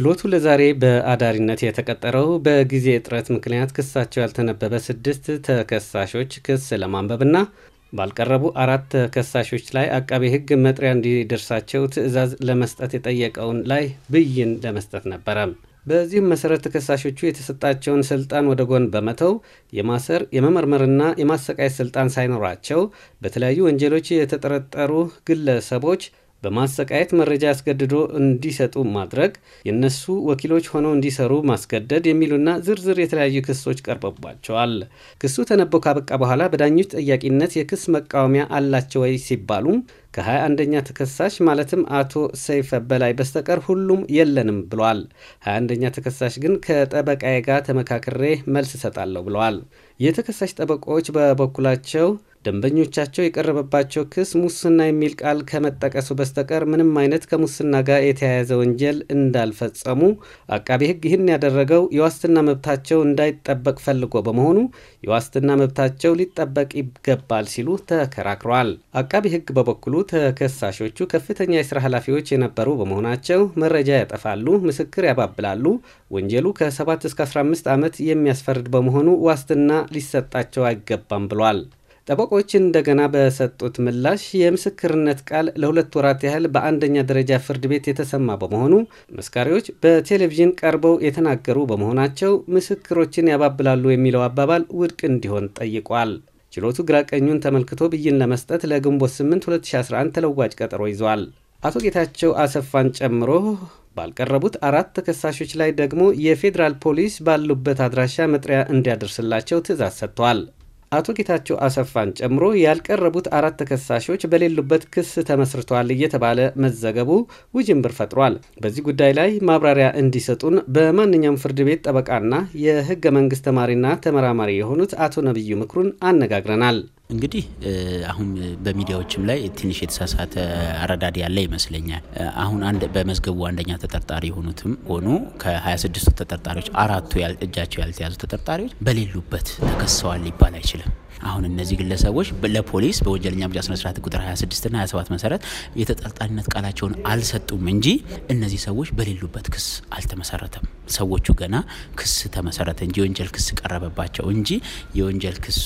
ችሎቱ ለዛሬ በአዳሪነት የተቀጠረው በጊዜ እጥረት ምክንያት ክሳቸው ያልተነበበ ስድስት ተከሳሾች ክስ ለማንበብና ባልቀረቡ አራት ተከሳሾች ላይ አቃቤ ሕግ መጥሪያ እንዲደርሳቸው ትዕዛዝ ለመስጠት የጠየቀውን ላይ ብይን ለመስጠት ነበረ። በዚህም መሰረት ተከሳሾቹ የተሰጣቸውን ስልጣን ወደ ጎን በመተው የማሰር የመመርመርና የማሰቃየት ስልጣን ሳይኖራቸው በተለያዩ ወንጀሎች የተጠረጠሩ ግለሰቦች በማሰቃየት መረጃ አስገድዶ እንዲሰጡ ማድረግ፣ የእነሱ ወኪሎች ሆነው እንዲሰሩ ማስገደድ የሚሉና ዝርዝር የተለያዩ ክሶች ቀርበባቸዋል። ክሱ ተነቦ ካበቃ በኋላ በዳኞች ጠያቂነት የክስ መቃወሚያ አላቸው ወይ ሲባሉም ከሀያ አንደኛ ተከሳሽ ማለትም አቶ ሰይፈ በላይ በስተቀር ሁሉም የለንም ብለዋል። ሀያ አንደኛ ተከሳሽ ግን ከጠበቃዬ ጋር ተመካክሬ መልስ እሰጣለሁ ብለዋል። የተከሳሽ ጠበቆች በበኩላቸው ደንበኞቻቸው የቀረበባቸው ክስ ሙስና የሚል ቃል ከመጠቀሱ በስተቀር ምንም አይነት ከሙስና ጋር የተያያዘ ወንጀል እንዳልፈጸሙ አቃቢ ሕግ ይህን ያደረገው የዋስትና መብታቸው እንዳይጠበቅ ፈልጎ በመሆኑ የዋስትና መብታቸው ሊጠበቅ ይገባል ሲሉ ተከራክሯል። አቃቢ ሕግ በበኩሉ ተከሳሾቹ ከፍተኛ የስራ ኃላፊዎች የነበሩ በመሆናቸው መረጃ ያጠፋሉ፣ ምስክር ያባብላሉ፣ ወንጀሉ ከ7 እስከ 15 ዓመት የሚያስፈርድ በመሆኑ ዋስትና ሊሰጣቸው አይገባም ብሏል። ጠበቆች እንደገና በሰጡት ምላሽ የምስክርነት ቃል ለሁለት ወራት ያህል በአንደኛ ደረጃ ፍርድ ቤት የተሰማ በመሆኑ መስካሪዎች በቴሌቪዥን ቀርበው የተናገሩ በመሆናቸው ምስክሮችን ያባብላሉ የሚለው አባባል ውድቅ እንዲሆን ጠይቋል። ችሎቱ ግራቀኙን ተመልክቶ ብይን ለመስጠት ለግንቦት 8 2011 ተለዋጭ ቀጠሮ ይዟል። አቶ ጌታቸው አሰፋን ጨምሮ ባልቀረቡት አራት ተከሳሾች ላይ ደግሞ የፌዴራል ፖሊስ ባሉበት አድራሻ መጥሪያ እንዲያደርስላቸው ትዕዛዝ ሰጥቷል። አቶ ጌታቸው አሰፋን ጨምሮ ያልቀረቡት አራት ተከሳሾች በሌሉበት ክስ ተመስርቷል እየተባለ መዘገቡ ውዥንብር ፈጥሯል። በዚህ ጉዳይ ላይ ማብራሪያ እንዲሰጡን በማንኛውም ፍርድ ቤት ጠበቃና የህገ መንግስት ተማሪና ተመራማሪ የሆኑት አቶ ነቢዩ ምክሩን አነጋግረናል። እንግዲህ አሁን በሚዲያዎችም ላይ ትንሽ የተሳሳተ አረዳድ ያለ ይመስለኛል። አሁን አንድ በመዝገቡ አንደኛ ተጠርጣሪ የሆኑትም ሆኑ ከ26ቱ ተጠርጣሪዎች አራቱ እጃቸው ያልተያዙ ተጠርጣሪዎች በሌሉበት ተከሰዋል ሊባል አይችልም። አሁን እነዚህ ግለሰቦች ለፖሊስ በወንጀለኛ መቅጫ ስነስርዓት ቁጥር 26ና 27 መሰረት የተጠርጣሪነት ቃላቸውን አልሰጡም እንጂ እነዚህ ሰዎች በሌሉበት ክስ አልተመሰረተም። ሰዎቹ ገና ክስ ተመሰረተ እንጂ የወንጀል ክስ ቀረበባቸው እንጂ የወንጀል ክሱ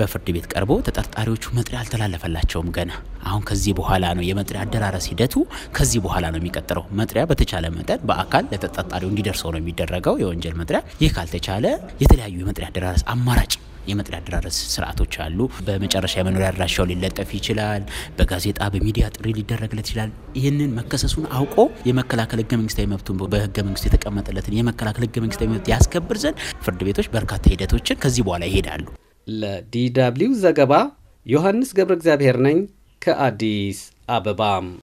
በፍርድ ቤት ቀርቦ ተጠርጣሪዎቹ መጥሪያ አልተላለፈላቸውም ገና። አሁን ከዚህ በኋላ ነው የመጥሪያ አደራረስ ሂደቱ ከዚህ በኋላ ነው የሚቀጥረው መጥሪያ በተቻለ መጠን በአካል ለተጠርጣሪው እንዲደርሰው ነው የሚደረገው የወንጀል መጥሪያ። ይህ ካልተቻለ የተለያዩ የመጥሪያ አደራረስ አማራጭ የመጥሪያ አደራረስ ስርዓቶች አሉ። በመጨረሻ የመኖሪያ አድራሻው ሊለጠፍ ይችላል። በጋዜጣ በሚዲያ ጥሪ ሊደረግለት ይችላል። ይህንን መከሰሱን አውቆ የመከላከል ህገ መንግስታዊ መብቱን በህገ መንግስቱ የተቀመጠለትን የመከላከል ህገ መንግስታዊ መብት ያስከብር ዘንድ ፍርድ ቤቶች በርካታ ሂደቶችን ከዚህ በኋላ ይሄዳሉ። ለዲደብሊው ዘገባ ዮሐንስ ገብረ እግዚአብሔር ነኝ ከአዲስ አበባ